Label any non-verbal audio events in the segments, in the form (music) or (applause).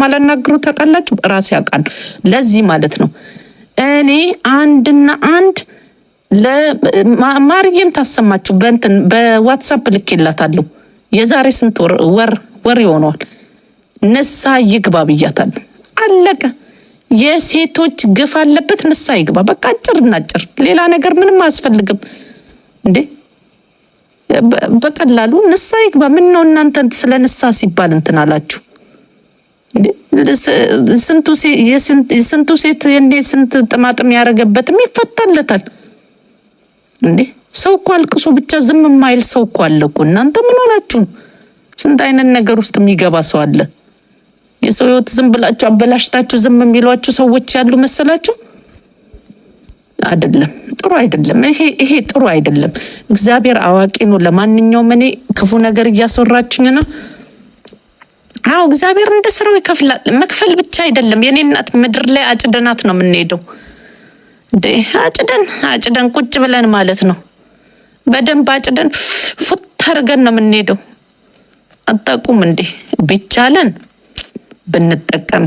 ማላናግሩ ታውቃላችሁ፣ ራሴ ያውቃሉ። ለዚህ ማለት ነው እኔ አንድና አንድ ማርዬም ታሰማችሁ በእንትን በዋትሳፕ ልኬላታለሁ። የዛሬ ስንት ወር ወር ይሆነዋል። ንሳ ይግባ ብያታለሁ። አለቀ። የሴቶች ግፍ አለበት። ንሳ ይግባ በቃ። አጭር እናጭር፣ ሌላ ነገር ምንም አያስፈልግም እንዴ። በቀላሉ ንሳ ይግባ። ምን ነው እናንተ ስለ ንሳ ሲባል እንትን አላችሁ። ስንቱ ሴት እንዴ ስንት ጥማጥም ያደረገበትም ይፈታለታል እንዴ። ሰው እኮ አልቅሶ ብቻ ዝም የማይል ሰው እኮ አለ እኮ። እናንተ ምን ሆናችሁ? ስንት አይነት ነገር ውስጥ የሚገባ ሰው አለ። የሰው ህይወት ዝም ብላችሁ አበላሽታችሁ ዝም የሚሏችሁ ሰዎች ያሉ መሰላችሁ? አይደለም፣ ጥሩ አይደለም። ይሄ ይሄ ጥሩ አይደለም። እግዚአብሔር አዋቂ ነው። ለማንኛውም እኔ ክፉ ነገር እያስወራችኝ ነው። አዎ እግዚአብሔር እንደ ስራው ይከፍላል። መክፈል ብቻ አይደለም የኔ እናት፣ ምድር ላይ አጭደናት ነው የምንሄደው። አጭደን አጭደን ቁጭ ብለን ማለት ነው። በደንብ አጭደን ፉት አድርገን ነው የምንሄደው። አታውቁም እንዴ? ቢቻለን ብንጠቀም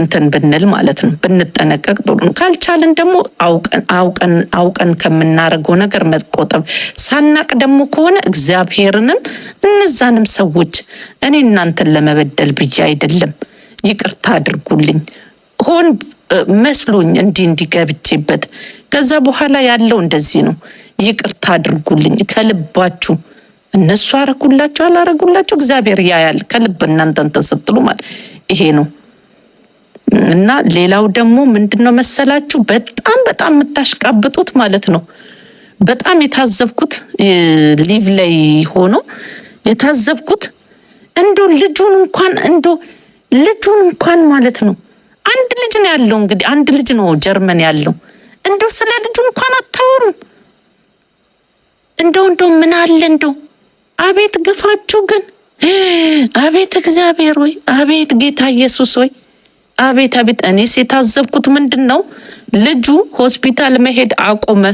እንትን ብንል ማለት ነው ብንጠነቀቅ ጥሩ ነው። ካልቻልን ደግሞ አውቀን ከምናደርገው ነገር መቆጠብ፣ ሳናቅ ደግሞ ከሆነ እግዚአብሔርንም እነዛንም ሰዎች እኔ እናንተን ለመበደል ብዬ አይደለም፣ ይቅርታ አድርጉልኝ ሆን መስሎኝ እንዲህ እንዲገብቼበት ከዛ በኋላ ያለው እንደዚህ ነው። ይቅርታ አድርጉልኝ ከልባችሁ እነሱ አረጉላችሁ አላረጉላችሁ እግዚአብሔር ያያል። ከልብ እናንተን ተሰጥሎ ማለት ይሄ ነው። እና ሌላው ደግሞ ምንድን ነው መሰላችሁ በጣም በጣም የምታሽቃብጡት ማለት ነው። በጣም የታዘብኩት ሊቭ ላይ ሆኖ የታዘብኩት እንዶ ልጁን እንኳን እንዶ ልጁን እንኳን ማለት ነው አንድ ልጅ ነው ያለው እንግዲህ አንድ ልጅ ነው ጀርመን ያለው እንዶ ስለ ልጁ እንኳን አታወሩም። እንደው እንደው ምን አለ እንደው አቤት ግፋችሁ ግን አቤት እግዚአብሔር ወይ አቤት ጌታ ኢየሱስ ወይ አቤት አቤት! እኔ የታዘብኩት ምንድን ነው ልጁ ሆስፒታል መሄድ አቆመ።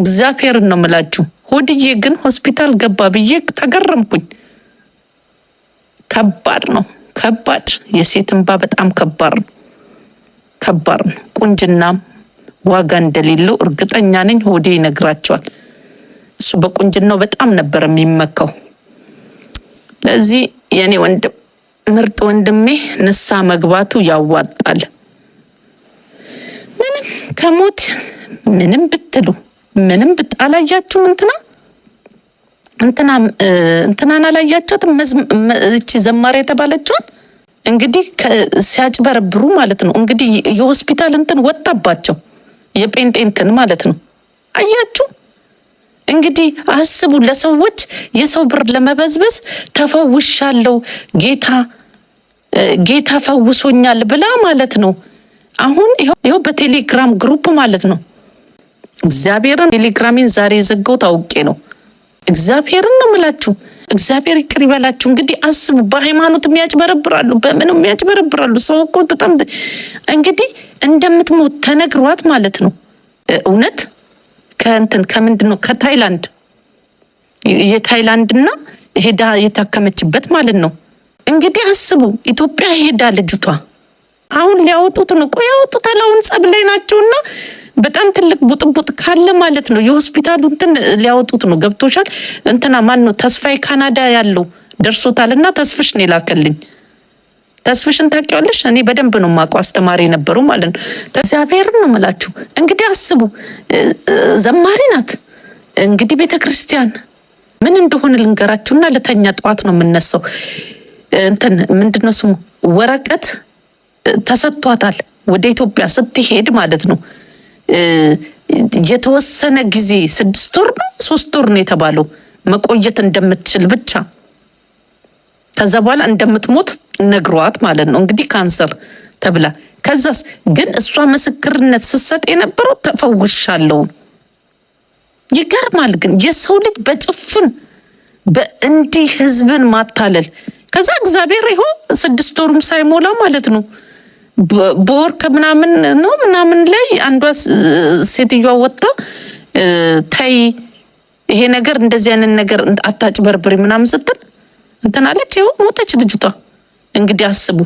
እግዚአብሔርን ነው ምላችሁ። ሆድዬ ግን ሆስፒታል ገባ ብዬ ተገረምኩኝ። ከባድ ነው ከባድ። የሴት እንባ በጣም ከባድ ነው ከባድ ነው። ቁንጅናም ዋጋ እንደሌለው እርግጠኛ ነኝ። ሆዴ ይነግራቸዋል። እሱ በቁንጅናው በጣም ነበር የሚመካው። ለዚህ የእኔ ወንድም ምርጥ ወንድሜ ንሳ መግባቱ ያዋጣል። ምንም ከሞት ምንም ብትሉ ምንም ብጣላያችሁም እንትና እንትና እንትናን አላያቸውትም። እቺ ዘማሪ የተባለችውን እንግዲህ ሲያጭበረብሩ ማለት ነው። እንግዲህ የሆስፒታል እንትን ወጣባቸው የጴንጤ እንትን ማለት ነው። አያችሁ። እንግዲህ አስቡ ለሰዎች የሰው ብር ለመበዝበዝ ተፈውሻለሁ፣ ጌታ ጌታ ፈውሶኛል ብላ ማለት ነው። አሁን ይኸው በቴሌግራም ግሩፕ ማለት ነው። እግዚአብሔርን ቴሌግራሜን ዛሬ የዘጋው ታውቄ ነው። እግዚአብሔርን ነው ምላችሁ። እግዚአብሔር ይቅር ይበላችሁ። እንግዲህ አስቡ። በሃይማኖት የሚያጭበረብራሉ፣ በምን የሚያጭበረብራሉ። ሰው እኮ በጣም እንግዲህ እንደምትሞት ተነግሯት ማለት ነው እውነት ከእንትን ከምንድን ነው ከታይላንድ የታይላንድና ሄዳ የታከመችበት ማለት ነው። እንግዲህ አስቡ፣ ኢትዮጵያ ሄዳ ልጅቷ አሁን ሊያወጡት ነው። ቆይ ያወጡታል። አሁን ጸብ ላይ ናቸውና በጣም ትልቅ ቡጥቡጥ ካለ ማለት ነው የሆስፒታሉ እንትን ሊያወጡት ነው። ገብቶሻል? እንትና ማን ነው ተስፋዬ ካናዳ ያለው ደርሶታል እና ተስፍሽ ነው የላከልኝ ተስፍሽን ታውቂዋለሽ? እኔ በደንብ ነው የማውቀው። አስተማሪ ነበሩ ማለት ነው። እግዚአብሔርን ነው የምላችሁ። እንግዲህ አስቡ፣ ዘማሪ ናት። እንግዲህ ቤተ ክርስቲያን ምን እንደሆነ ልንገራችሁና ለተኛ ጠዋት ነው የምነሳው። እንትን ምንድነው ስሙ ወረቀት ተሰጥቷታል። ወደ ኢትዮጵያ ስትሄድ ማለት ነው የተወሰነ ጊዜ ስድስት ወር ነው ሶስት ወር ነው የተባለው መቆየት እንደምትችል ብቻ ከዛ በኋላ እንደምትሞት ነግሯት ማለት ነው እንግዲህ ካንሰር ተብላ ከዛስ ግን እሷ ምስክርነት ስትሰጥ የነበረው ተፈውሻለሁ። ይገርማል። ግን የሰው ልጅ በጭፍን በእንዲህ ህዝብን ማታለል ከዛ እግዚአብሔር ይሆ ስድስት ወሩም ሳይሞላ ማለት ነው በወር ከምናምን ነው ምናምን ላይ አንዷ ሴትዮዋ ወጥታ ታይ ይሄ ነገር እንደዚህ አይነት ነገር አታጭበርብሪ ምናምን ስትል እንትን አለች። ይኸው ሞተች ልጅቷ። እንግዲህ አስቡ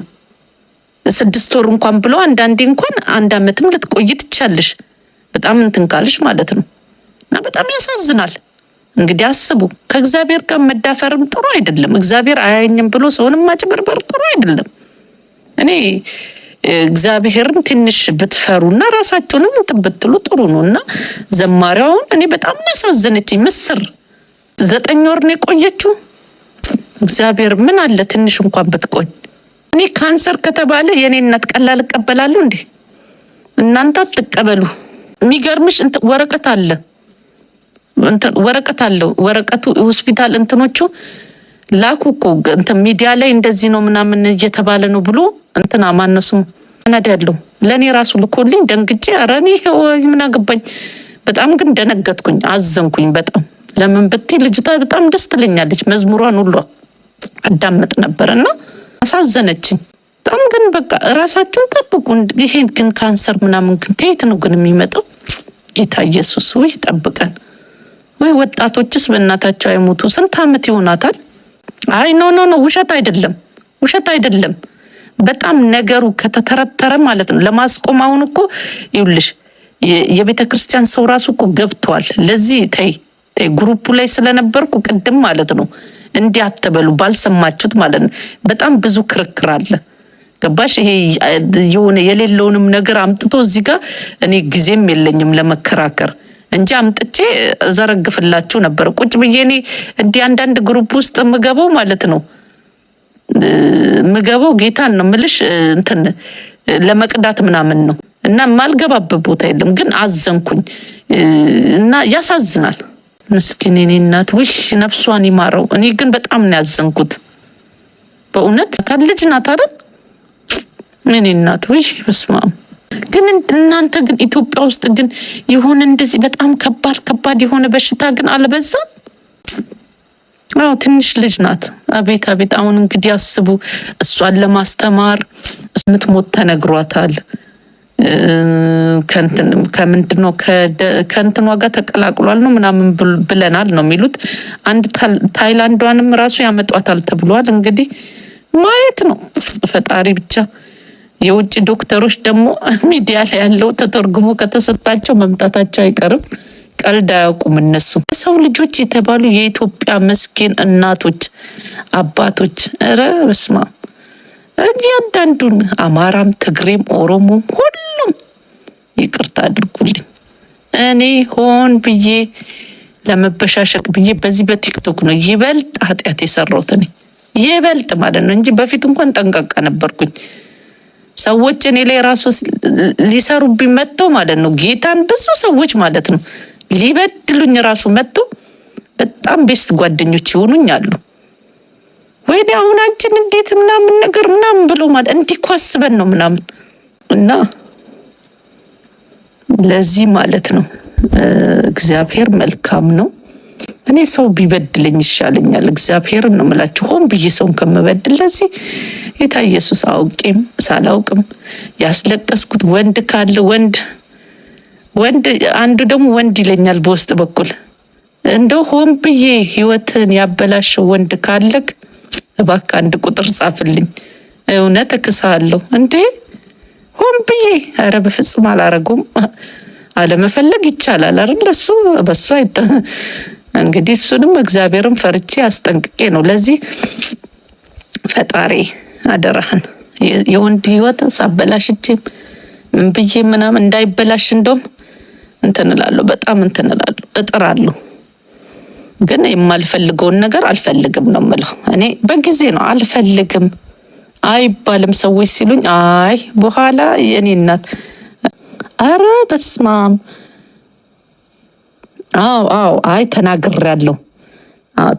ስድስት ወር እንኳን ብሎ አንዳንዴ እንኳን አንድ አመትም ልትቆይ ትቻለሽ፣ በጣም እንትን ካልሽ ማለት ነው። እና በጣም ያሳዝናል። እንግዲህ አስቡ ከእግዚአብሔር ጋር መዳፈርም ጥሩ አይደለም። እግዚአብሔር አያኝም ብሎ ሰውንም ማጭበርበር ጥሩ አይደለም። እኔ እግዚአብሔርን ትንሽ ብትፈሩና ራሳችሁንም እንትን ብትሉ ጥሩ ነው። እና ዘማሪዋውን እኔ በጣም ያሳዘነችኝ ምስር ዘጠኝ ወር ነው የቆየችው። እግዚአብሔር ምን አለ ትንሽ እንኳን ብትቆኝ። እኔ ካንሰር ከተባለ የእኔነት ቀላል እቀበላሉ እንዴ? እናንተ አትቀበሉ። የሚገርምሽ ወረቀት አለ ወረቀት አለው ወረቀቱ ሆስፒታል እንትኖቹ ላኩ እኮ እንትን ሚዲያ ላይ እንደዚህ ነው ምናምን እየተባለ ነው ብሎ እንትን አማነሱም ነድ ያለው ለእኔ ራሱ ልኮልኝ ደንግጬ ኧረ እኔ ምን አገባኝ። በጣም ግን ደነገጥኩኝ፣ አዘንኩኝ በጣም ለምን ብትይ ልጅቷ በጣም ደስ ትለኛለች መዝሙሯን ሁሏ አዳመጥ ነበር እና አሳዘነችኝ በጣም። ግን በቃ እራሳችሁን ጠብቁ። ይሄ ግን ካንሰር ምናምን ግን ከየት ነው ግን የሚመጣው? ጌታ ኢየሱስ ወይ ጠብቀን። ወይ ወጣቶችስ በእናታቸው አይሞቱ። ስንት አመት ይሆናታል? አይ ኖ ኖ ኖ፣ ውሸት አይደለም፣ ውሸት አይደለም። በጣም ነገሩ ከተተረተረ ማለት ነው ለማስቆም አሁን እኮ ይውልሽ የቤተ ክርስቲያን ሰው ራሱ እኮ ገብተዋል። ለዚህ ተይ ተይ፣ ግሩፑ ላይ ስለነበርኩ ቅድም ማለት ነው እንዲያተበሉ ባልሰማችሁት ማለት ነው። በጣም ብዙ ክርክር አለ። ገባሽ? ይሄ የሆነ የሌለውንም ነገር አምጥቶ እዚህ ጋር እኔ ጊዜም የለኝም ለመከራከር እንጂ አምጥቼ ዘረግፍላችሁ ነበር። ቁጭ ብዬ እኔ እንዲህ አንዳንድ ግሩፕ ውስጥ ምገበው ማለት ነው ምገበው ጌታን ነው ምልሽ እንትን ለመቅዳት ምናምን ነው እና ማልገባበት ቦታ የለም። ግን አዘንኩኝ እና ያሳዝናል። ምስኪን የኔ እናት ውሽ ነፍሷን ይማረው። እኔ ግን በጣም ነው ያዘንኩት በእውነት ታ ልጅ ናት አይደል? እኔ እናት ውሽ በስመ አብ። ግን እናንተ ግን ኢትዮጵያ ውስጥ ግን የሆነ እንደዚህ በጣም ከባድ ከባድ የሆነ በሽታ ግን አልበዛም? አዎ ትንሽ ልጅ ናት። አቤት አቤት። አሁን እንግዲህ አስቡ እሷን ለማስተማር ምትሞት ተነግሯታል። ከምንድነው ነው ከእንትኗ ጋር ተቀላቅሏል ነው ምናምን ብለናል ነው የሚሉት። አንድ ታይላንዷንም ራሱ ያመጧታል ተብሏል። እንግዲህ ማየት ነው ፈጣሪ ብቻ። የውጭ ዶክተሮች ደግሞ (laughs) ሚዲያ ላይ ያለው ተተርጉሞ ከተሰጣቸው መምጣታቸው አይቀርም። ቀልድ አያውቁም እነሱ። ሰው ልጆች የተባሉ የኢትዮጵያ መስኪን እናቶች አባቶች፣ ረ በስማ እያንዳንዱን አማራም፣ ትግሬም፣ ኦሮሞም ሁሉም ይቅርታ አድርጉልኝ። እኔ ሆን ብዬ ለመበሻሸቅ ብዬ በዚህ በቲክቶክ ነው ይበልጥ ኃጢአት የሰራሁት እኔ ይበልጥ ማለት ነው እንጂ በፊት እንኳን ጠንቃቃ ነበርኩኝ። ሰዎች እኔ ላይ ራሱ ሊሰሩብኝ መጥተው ማለት ነው ጌታን ብዙ ሰዎች ማለት ነው ሊበድሉኝ ራሱ መጥተው በጣም ቤስት ጓደኞች ይሆኑኝ አሉ። ወይኔ አሁን አንቺን እንዴት ምናምን ነገር ምናምን ብሎ ማለት እንዲህ እኮ አስበን ነው ምናምን እና ለዚህ ማለት ነው እግዚአብሔር መልካም ነው። እኔ ሰው ቢበድለኝ ይሻለኛል። እግዚአብሔር ነው ምላችሁ። ሆን ብዬ ሰውን ከምበድል ለዚህ ጌታ ኢየሱስ አውቄም ሳላውቅም ያስለቀስኩት ወንድ ካለ ወንድ ወንድ አንዱ ደግሞ ወንድ ይለኛል በውስጥ በኩል እንደው ሆን ብዬ ህይወትን ያበላሸው ወንድ ካለግ እባክህ አንድ ቁጥር ጻፍልኝ። እውነት እክሳለሁ እንዴ ሆን ብዬ። ኧረ በፍጹም አላረጉም። አለመፈለግ ይቻላል አይደል? ለሱ በሱ አይጠ እንግዲህ እሱንም እግዚአብሔርን ፈርቼ አስጠንቅቄ ነው። ለዚህ ፈጣሪ አደራህን የወንድ ህይወት ሳበላሽቼም ምን ብዬ ምናምን እንዳይበላሽ እንደውም እንትንላለሁ፣ በጣም እንትንላለሁ፣ እጥራለሁ ግን የማልፈልገውን ነገር አልፈልግም ነው የምለው። እኔ በጊዜ ነው አልፈልግም አይባልም። ሰዎች ሲሉኝ አይ በኋላ የኔ እናት አረ በስማም አው አው አይ ተናግሬያለሁ።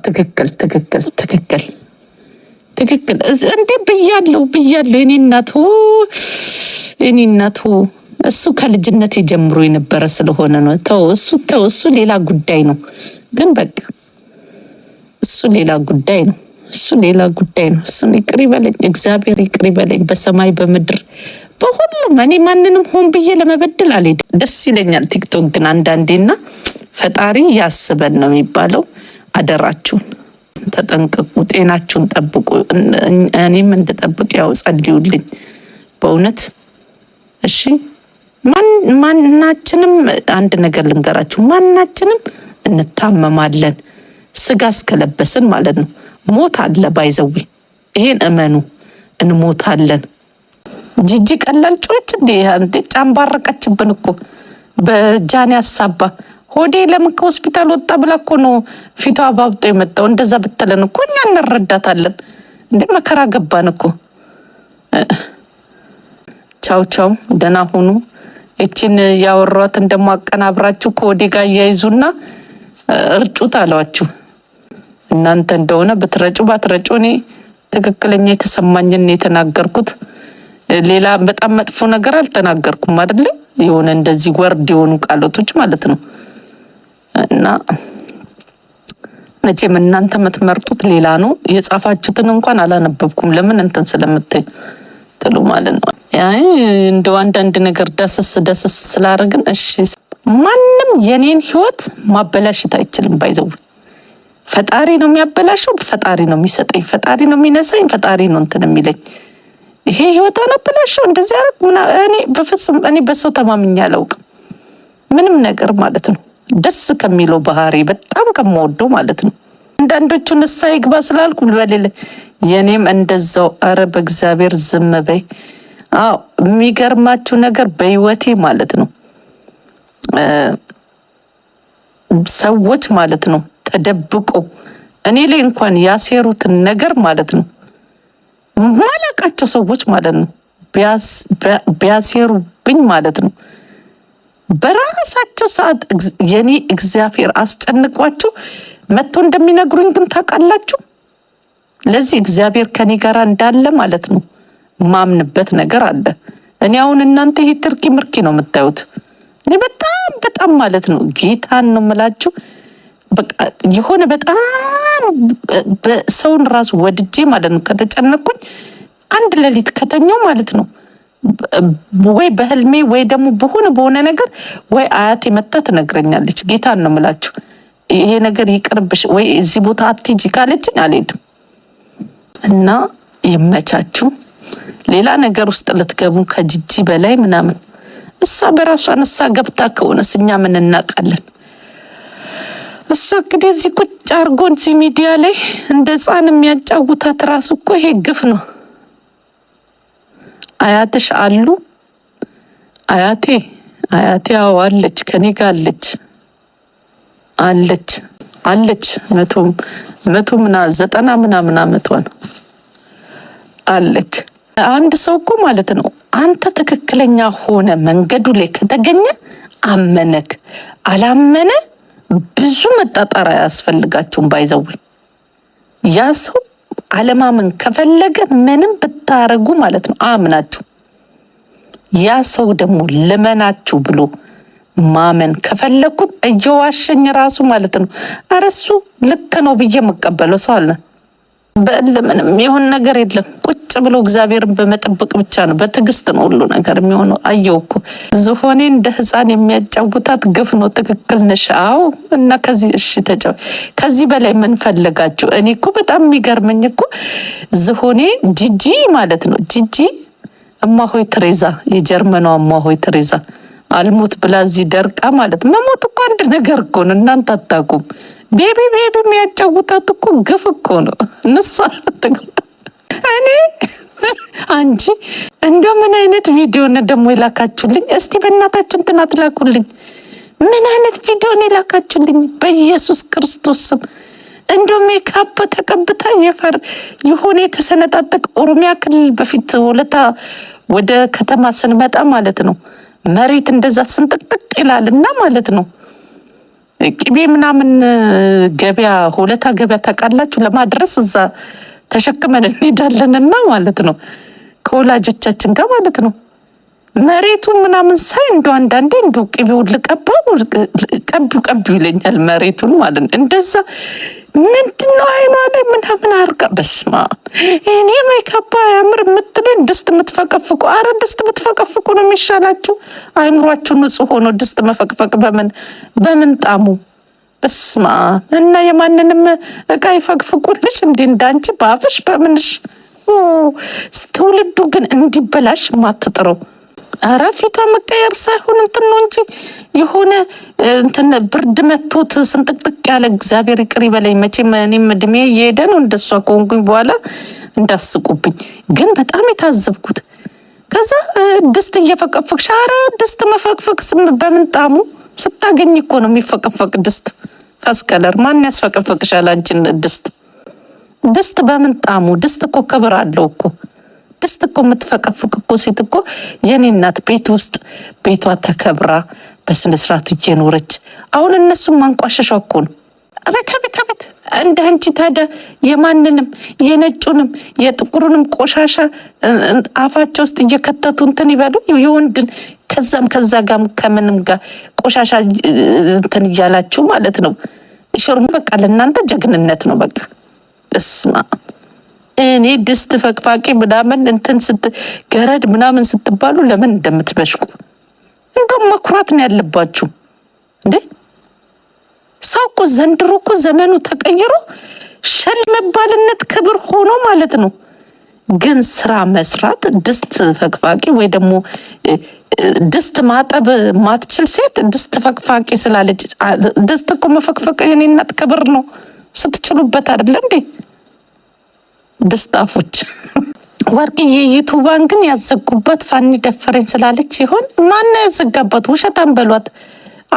ትክክል ትክክል ትክክል ትክክል እንዴ ብያለሁ ብያለሁ። የኔ እናት የኔ እናት እሱ ከልጅነት የጀምሮ የነበረ ስለሆነ ነው። ተው እሱ ተው እሱ ሌላ ጉዳይ ነው። ግን በቃ እሱ ሌላ ጉዳይ ነው። እሱ ሌላ ጉዳይ ነው። እሱን ይቅር ይበለኝ እግዚአብሔር ይቅር ይበለኝ። በሰማይ በምድር በሁሉም እኔ ማንንም ሆን ብዬ ለመበደል አልሄድም። ደስ ይለኛል። ቲክቶክ ግን አንዳንዴና ፈጣሪ ያስበን ነው የሚባለው። አደራችሁን ተጠንቀቁ፣ ጤናችሁን ጠብቁ። እኔም እንድጠብቅ ያው ጸልዩልኝ በእውነት እሺ። ማናችንም አንድ ነገር ልንገራችሁ ማናችንም እንታመማለን። ስጋ እስከለበስን ማለት ነው። ሞት አለ ባይዘዊ፣ ይሄን እመኑ። እንሞታለን። ጂጂ ቀላል ጮች እንዴ ጫንባረቀችብን እኮ በጃን ያሳባ ሆዴ ለምን ከሆስፒታል ወጣ ብላ እኮ ነው ፊቷ አባብጦ የመጣው። እንደዛ ብትለን እኮ እኛ እንረዳታለን። እንደ መከራ ገባን እኮ። ቻው ቻው፣ ደህና ሁኑ። ይችን ያወሯትን ደግሞ አቀናብራችሁ ከወዴ ጋር እያይዙና እርጩት አሏችሁ። እናንተ እንደሆነ ብትረጩ ባትረጩ እኔ ትክክለኛ የተሰማኝን የተናገርኩት ሌላ በጣም መጥፎ ነገር አልተናገርኩም አይደለ? የሆነ እንደዚህ ወርድ የሆኑ ቃሎቶች ማለት ነው። እና መቼም እናንተ የምትመርጡት ሌላ ነው። የጻፋችሁትን እንኳን አላነበብኩም። ለምን እንትን ስለምትል ትሉ ማለት ነው። እንደው አንዳንድ ነገር ደስስ ደስስ ስላደረግን እሺ ማንም የኔን ህይወት ማበላሽት አይችልም። ባይዘው ፈጣሪ ነው የሚያበላሸው፣ ፈጣሪ ነው የሚሰጠኝ፣ ፈጣሪ ነው የሚነሳኝ፣ ፈጣሪ ነው እንትን የሚለኝ። ይሄ ህይወቷን አበላሸው እንደዚህ አረግ እኔ በፍጹም እኔ በሰው ተማምኜ አላውቅም። ምንም ነገር ማለት ነው ደስ ከሚለው ባህሪ በጣም ከምወደው ማለት ነው አንዳንዶቹ ንሳ ይግባ ስላልኩ በሌለ የኔም እንደዛው። አረ በእግዚአብሔር ዝም በይ። አዎ የሚገርማችሁ ነገር በህይወቴ ማለት ነው ሰዎች ማለት ነው ተደብቆ እኔ ላይ እንኳን ያሴሩትን ነገር ማለት ነው ማላቃቸው ሰዎች ማለት ነው ቢያሴሩብኝ ማለት ነው በራሳቸው ሰዓት የኔ እግዚአብሔር አስጨንቋችሁ መጥቶ እንደሚነግሩኝ ግን ታውቃላችሁ። ለዚህ እግዚአብሔር ከኔ ጋር እንዳለ ማለት ነው ማምንበት ነገር አለ። እኔ አሁን እናንተ ይሄ ትርኪ ምርኪ ነው የምታዩት። እኔ በጣም በጣም በጣም ማለት ነው ጌታን ነው የምላችሁ። የሆነ በጣም በሰውን ራሱ ወድጄ ማለት ነው ከተጨነኩኝ አንድ ሌሊት ከተኛው ማለት ነው ወይ በህልሜ ወይ ደግሞ በሆነ በሆነ ነገር ወይ አያቴ መታ ትነግረኛለች። ጌታን ነው የምላችሁ ይሄ ነገር ይቅርብሽ ወይ እዚህ ቦታ አትጂ ካለችኝ አልሄድም። እና ይመቻችሁ። ሌላ ነገር ውስጥ ልትገቡ ከጅጂ በላይ ምናምን እሷ በራሷ ንሳ ገብታ ከሆነስ እኛ ምን እናውቃለን? እሷ እንግዲህ እዚህ ቁጭ አርጎን እዚህ ሚዲያ ላይ እንደ ህፃን የሚያጫውታት ራሱ እኮ ይሄ ግፍ ነው። አያትሽ አሉ አያቴ አያቴ አዎ አለች፣ ከኔ ጋር አለች አለች አለች መቶ መቶ ምና ዘጠና ምናምን አመቷ ነው አለች። አንድ ሰው እኮ ማለት ነው አንተ ትክክለኛ ሆነ መንገዱ ላይ ከተገኘ አመነክ አላመነ ብዙ መጣጣሪያ አያስፈልጋችሁም። ባይዘው ያ ሰው አለማመን ከፈለገ ምንም ብታረጉ ማለት ነው አምናችሁ ያ ሰው ደግሞ ልመናችሁ ብሎ ማመን ከፈለግኩ እየዋሸኝ ራሱ ማለት ነው። አረሱ ልክ ነው ብዬ የምቀበለው ሰው አለን። በለምንም የሆን ነገር የለም። ቁጭ ብሎ እግዚአብሔርን በመጠበቅ ብቻ ነው። በትዕግስት ነው ሁሉ ነገር የሚሆነው። አየው እኮ ዝሆኔ እንደ ሕፃን የሚያጫውታት ግፍ ነው። ትክክል ነሽ። አዎ። እና ከዚህ እሺ ተጫ ከዚህ በላይ ምን ፈለጋችሁ? እኔ እኮ በጣም የሚገርመኝ እኮ ዝሆኔ ጂጂ ማለት ነው። ጂጂ እማሆይ ትሬዛ፣ የጀርመኗ እማሆይ ትሬዛ አልሞት ብላ እዚህ ደርቃ ማለት መሞት እኮ አንድ ነገር እኮ ነው። እናንተ አታውቁም። ቤቢ ቤቢ የሚያጫውታት እኮ ግፍ እኮ ነው። እነሱ እኔ አንቺ እንደ ምን አይነት ቪዲዮ ነ ደግሞ የላካችሁልኝ? እስቲ በእናታችን እንትን አትላኩልኝ። ምን አይነት ቪዲዮ ነው የላካችሁልኝ? በኢየሱስ ክርስቶስ ስም እንደው ሜካፕ ተቀብታ የፈር የሆነ የተሰነጣጠቅ ኦሮሚያ ክልል በፊት ወለታ ወደ ከተማ ስንመጣ ማለት ነው መሬት እንደዛ ስንጥቅጥቅ እና ማለት ነው። ቅቤ ምናምን ገበያ ሁለታ ገበያ ታውቃላችሁ፣ ለማድረስ እዛ ተሸክመን እንሄዳለንና ማለት ነው ከወላጆቻችን ጋር ማለት ነው። መሬቱ ምናምን ሳይ እንደ አንዳንዴ እንደ ቅቤውን ልቀባው ቀቢው ቀቢው ይለኛል። መሬቱን ማለት ነው። እንደዛ ምንድነው አይኗ ላይ ምናምን አርጋ በስማ እኔ ሜካፕ አያምር የምትሉኝ ድስት የምትፈቀፍቁ፣ አረ ድስት የምትፈቀፍቁ ነው የሚሻላችሁ። አይምሯችሁ ንጹህ ሆኖ ድስት መፈቅፈቅ በምን በምን ጣሙ በስማ እና የማንንም እቃ ይፈቅፍቁልሽ እንዴ እንዳንቺ በአፍሽ በምንሽ ትውልዱ ግን እንዲበላሽ ማትጥረው ኧረ ፊቷ መቀየር ሳይሆን እንትን ነው እንጂ የሆነ እንትን ብርድ መቶት ስንጥቅጥቅ ያለ እግዚአብሔር ይቅር ይበለኝ። መቼም እኔም እድሜ እየሄደ ነው እንደሷ ከሆንኩኝ በኋላ እንዳስቁብኝ። ግን በጣም የታዘብኩት ከዛ ድስት እየፈቀፈቅሽ ኧረ ድስት መፈቅፈቅ በምንጣሙ ስታገኝ እኮ ነው የሚፈቀፈቅ ድስት። ፈስከለር ማን ያስፈቀፈቅሻል አንቺን ድስት ድስት በምንጣሙ ድስት እኮ ክብር አለው እኮ ስድስት እኮ የምትፈቀፍቅ እኮ ሴት እኮ የኔ እናት ቤት ውስጥ ቤቷ ተከብራ በስነስርዓቱ እየኖረች አሁን እነሱም ማንቋሸሿ እኮ ነው። አቤት አቤት አቤት! እንደ አንቺ ታዲያ የማንንም የነጩንም የጥቁሩንም ቆሻሻ አፋቸው ውስጥ እየከተቱ እንትን ይበሉ የወንድን ከዛም ከዛ ጋር ከምንም ጋር ቆሻሻ እንትን እያላችሁ ማለት ነው። ሽርሙ በቃ ለእናንተ ጀግንነት ነው። በቃ እስማ እኔ ድስት ፈቅፋቂ ምናምን እንትን ስት ገረድ ምናምን ስትባሉ ለምን እንደምትበሽቁ እንደም መኩራት ነው ያለባችሁ እንዴ! ሰው እኮ ዘንድሮ እኮ ዘመኑ ተቀይሮ ሸል መባልነት ክብር ሆኖ ማለት ነው። ግን ስራ መስራት ድስት ፈቅፋቂ ወይ ደግሞ ድስት ማጠብ ማትችል ሴት ድስት ፈቅፋቂ ስላለች ድስት እኮ መፈቅፈቅ የኔ እናት ክብር ነው። ስትችሉበት አይደለ እንዴ? ድስጣፎች ወርቅዬ ዩቱባን ግን ያዘጉበት ፋኒ ደፈረኝ ስላለች ይሆን? ማነው ያዘጋበት? ውሸታን በሏት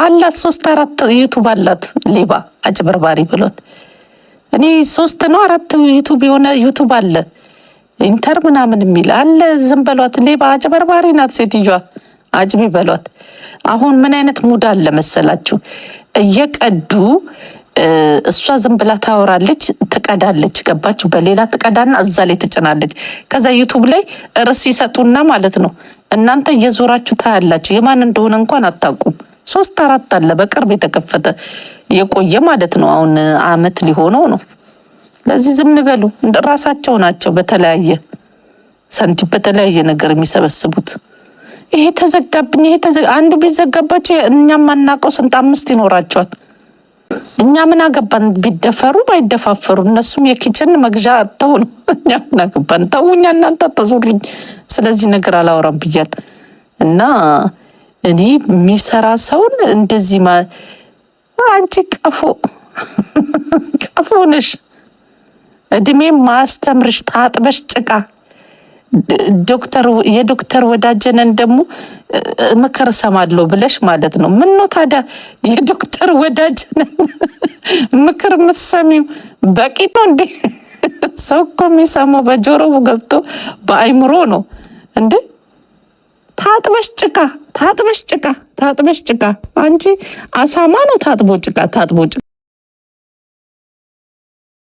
አላት። ሶስት አራት ዩቱብ አላት። ሌባ አጭበርባሪ ብሎት እኔ ሶስት ነው አራት ዩቱብ የሆነ ዩቱብ አለ ኢንተር ምናምን የሚል አለ። ዝም በሏት። ሌባ አጭበርባሪ ናት ሴትዮዋ። አጭቢ በሏት። አሁን ምን አይነት ሙድ አለ መሰላችሁ? እየቀዱ እሷ ዝም ብላ ታወራለች፣ ትቀዳለች። ገባች በሌላ ትቀዳና እዛ ላይ ትጭናለች። ከዛ ዩቱብ ላይ ርዕስ ይሰጡና ማለት ነው እናንተ እየዞራችሁ ታያላችሁ። የማን እንደሆነ እንኳን አታውቁም። ሶስት አራት አለ በቅርብ የተከፈተ የቆየ ማለት ነው። አሁን አመት ሊሆነው ነው። ለዚህ ዝም በሉ። ራሳቸው ናቸው በተለያየ ሳንቲም በተለያየ ነገር የሚሰበስቡት። ይሄ ተዘጋብኝ፣ ይሄ አንዱ ቢዘጋባቸው እኛም አናውቀው ስንት አምስት ይኖራቸዋል። እኛ ምን አገባን ቢደፈሩ ባይደፋፈሩ፣ እነሱም የኪችን መግዣ አጥተው ነው። (laughs) እኛ ምን አገባን ተውኛ፣ እናንተ አታዞሩኝ፣ ስለዚህ ነገር አላወራም ብያል እና እኔ የሚሰራ ሰውን እንደዚህ ማ አንቺ ቀፎ (laughs) ቀፎ ነሽ፣ እድሜ ማስተምርሽ ታጥበሽ ጭቃ ዶክተር የዶክተር ወዳጀነን ደግሞ ምክር ሰማለሁ ብለሽ ማለት ነው። ምን ነው ታዲያ የዶክተር ወዳጀነን ምክር የምትሰሚው በቂ ነው እንዴ? ሰው እኮ የሚሰማው በጆሮው ገብቶ በአይምሮ ነው እንዴ? ታጥበሽ ጭቃ ታጥበሽ ጭቃ ታጥበሽ ጭቃ። አንቺ አሳማ ነው ታጥቦ ጭቃ ታጥቦ ጭቃ